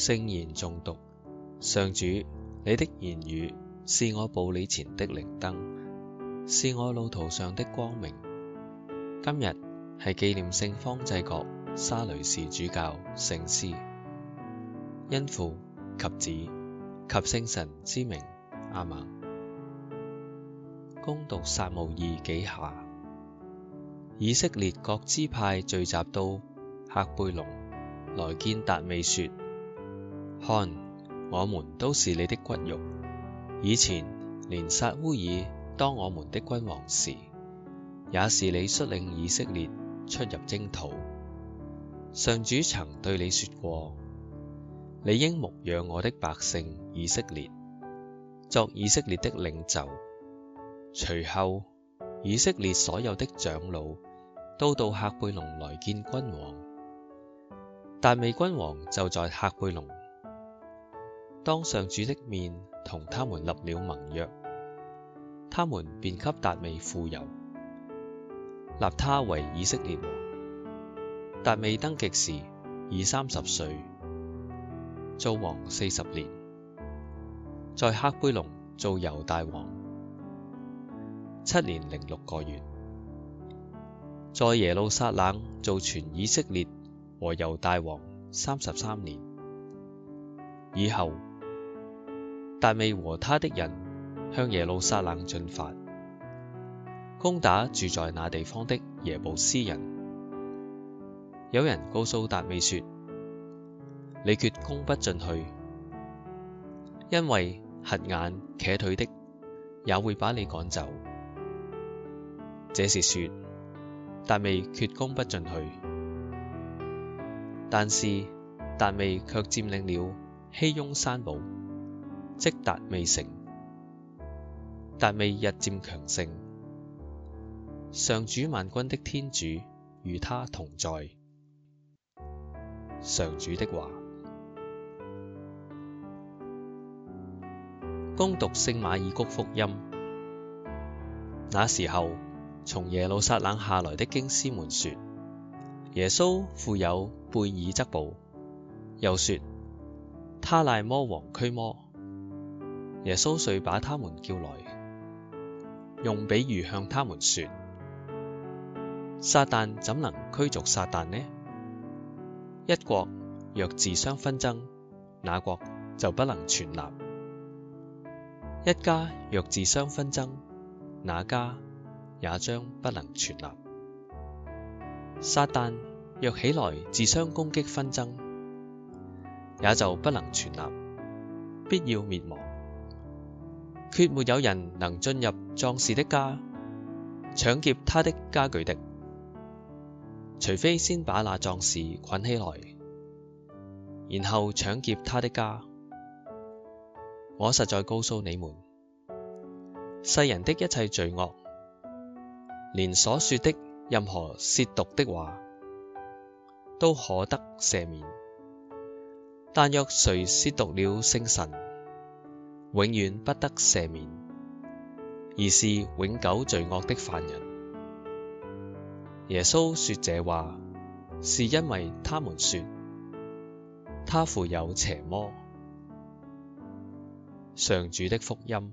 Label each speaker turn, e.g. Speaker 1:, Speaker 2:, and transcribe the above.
Speaker 1: 聖言誦讀。上主，你的言語是我步履前的靈燈，是我路途上的光明。今日係紀念聖方濟各沙雷氏主教聖師，因父及子及聖神之名，阿們。恭讀撒慕爾紀下，以色列各支派聚集到赫貝隆來見達味說。看，我們都是你的骨肉。以前，連撒烏耳當我們的君王時，也是你率領以色列出入征討。上主曾對你說過：你應牧養我的百姓以色列，作以色列的領袖。隨後，以色列所有的長老都到赫貝龍來見君王，達味君王就在赫貝龍。當上主的面同他們立了盟約，他們便給達味傅油，立他為以色列王。達味登極時已三十歲，做王四十年，在赫貝隆做猶大王七年零六個月，在耶路撒冷做全以色列和猶大王三十三年以後。但未和他的人向耶路撒冷進發，攻打住在那地方的耶步斯人。有人告訴達味說：你決攻不進去，因為瞎眼、瘸腿的也會把你趕走。這是說，達味決攻不進去，但是達味卻佔領了熙雍山堡。即達味城，達味日漸強盛。上主萬軍的天主與他同在。上主的話。恭讀聖馬爾谷福音，那時候，從耶路撒冷下來的經師們說耶穌附有貝耳則步，又說他賴魔王驅魔。耶穌遂把他們叫來，用比喻向他們説：撒殫怎能驅逐撒殫呢？一國若自相紛爭，那國就不能存立；一家若自相紛爭，那家也將不能存立。撒殫若起來自相攻擊紛爭，也就不能存立，必要滅亡。決沒有人能進入壯士的家，搶劫他的家具的，除非先把那壯士捆起來，然後搶劫他的家。我實在告訴你們，世人的一切罪惡，連所說的任何褻瀆的話，都可得赦免。但若誰褻瀆了聖神，永遠不得赦免，而是永久罪惡的犯人。耶穌說這話，是因為他們說他附有邪魔。上主的福音。